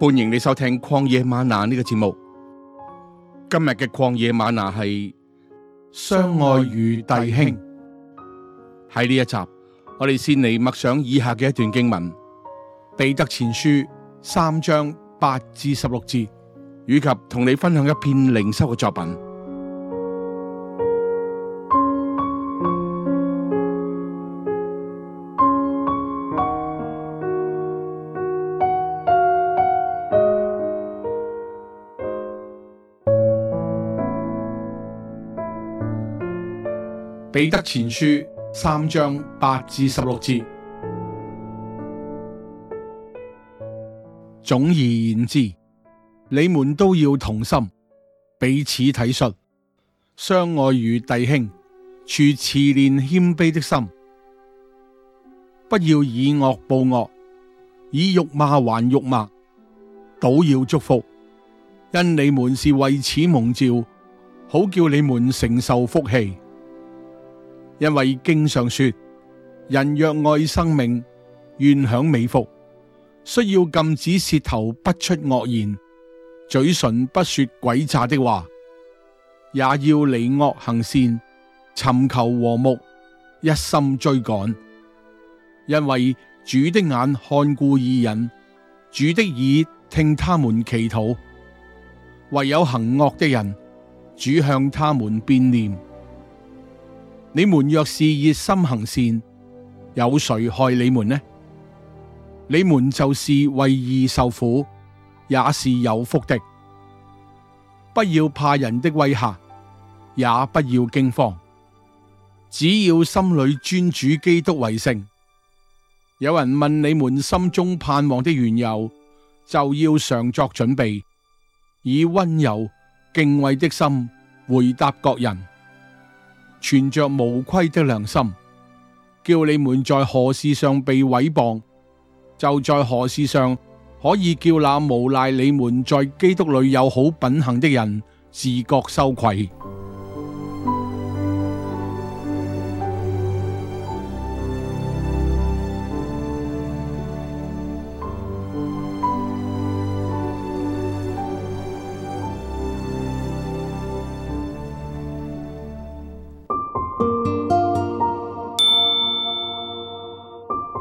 歡迎你收聽曠野嗎哪呢個節目。今日嘅曠野嗎哪係相愛如弟兄，喺呢一集，我哋先嚟默想以下嘅一段經文，彼得前書三章八至十六節，以及同你分享一篇靈修嘅作品。彼得前書三章八至十六節：「總而言之，你們都要同心彼此體恤，相愛如弟兄，存慈憐謙卑的心，不要以惡報惡，以辱罵還辱罵，倒要祝福，因你們是為此蒙召，好叫你們承受福氣。因為經上說，人若愛生命，願享美福，需要禁止舌頭不出惡言，嘴唇不說詭詐的話，也要離惡行善，尋求和睦，一心追趕。因為主的眼看顧義人，主的耳聽他們祈禱，唯有行惡的人，主向他們變臉。你們若是熱心行善，有誰害你們呢？你們就是為義受苦，也是有福的。不要怕人的威嚇，也不要驚慌，只要心裏尊主基督為聖。有人問你們心中盼望的緣由，就要常作準備，以温柔敬畏的心回答各人。存着無虧的良心，叫你們在何事上被毀謗，就在何事上可以叫那誣賴你們在基督裏有好品行的人自覺羞愧。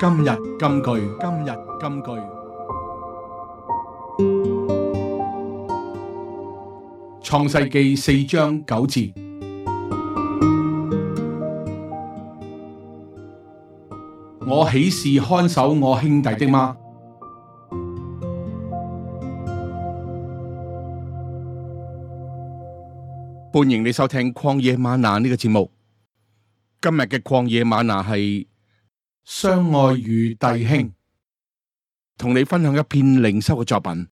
今日金句，今日金句，創世記四章九節，我豈是看守我兄弟的嗎？歡迎你收聽曠野嗎哪呢個節目。今日嘅曠野嗎哪係。相愛如弟兄，同你分享一篇靈修嘅作品。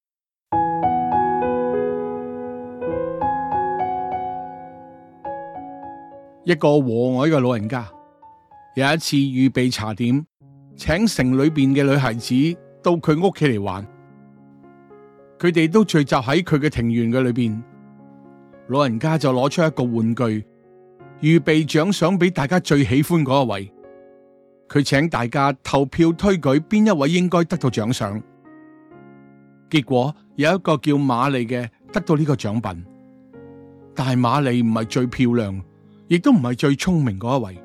一個和藹嘅老人家，有一次預備茶點，請城裏邊嘅女孩子到佢屋企嚟玩。佢哋都聚集喺佢嘅庭院嘅裏邊，老人家就攞出一個玩具，預備獎賞俾大家最喜歡嗰一位。佢請大家投票推舉，邊一位應該得到獎賞，結果有一個叫瑪麗嘅得到呢個獎品，但係瑪麗唔係最漂亮，亦都唔係最聰明嗰一位。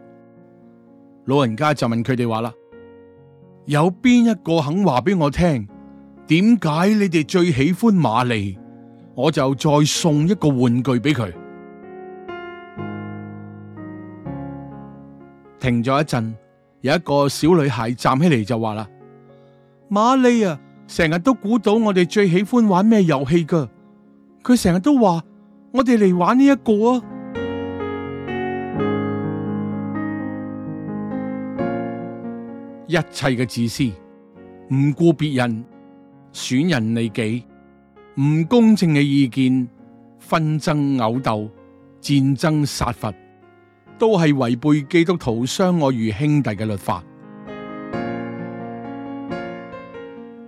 老人家就問佢哋話啦：有邊一個肯話俾我聽，點解你哋最喜歡瑪麗？我就再送一個玩具俾佢。停咗一陣。有一個小女孩站起嚟就話啦：瑪麗啊，成日都估到我哋最喜歡玩咩遊戲噶，佢成日都話我哋嚟玩呢一個啊！一切嘅自私，唔顧別人，損人利己，唔公正嘅意見，紛爭、毆鬥、戰爭、殺伐。都係違背基督徒相愛如兄弟嘅律法。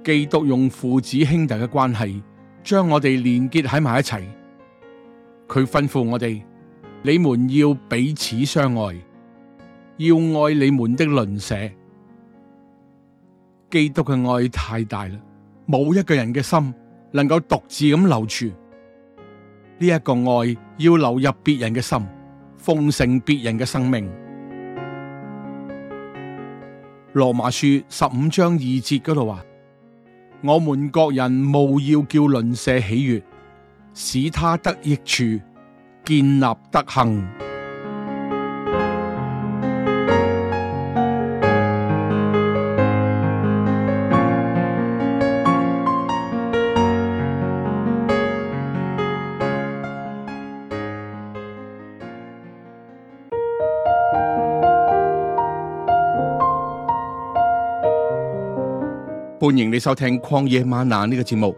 基督用父子兄弟嘅關係，將我哋連結喺埋一齊。佢吩咐我哋：你們要彼此相愛，要愛你們的鄰舍。基督嘅愛太大啦，冇一個人嘅心能夠獨自咁留住呢一個愛，要流入別人嘅心。奉承別人嘅生命，《羅馬書》十五章二節嗰度話：我們各人務要叫鄰舍喜悦，使他得益處，建立德行。歡迎你收聽曠野嗎哪呢、這個節目。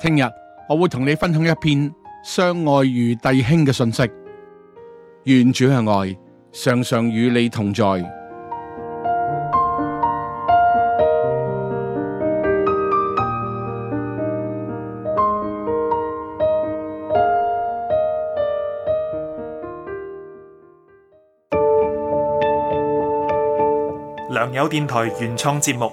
聽日我會同你分享一篇相愛如弟兄嘅信息。願主嘅愛常常與你同在。良友電台原創節目。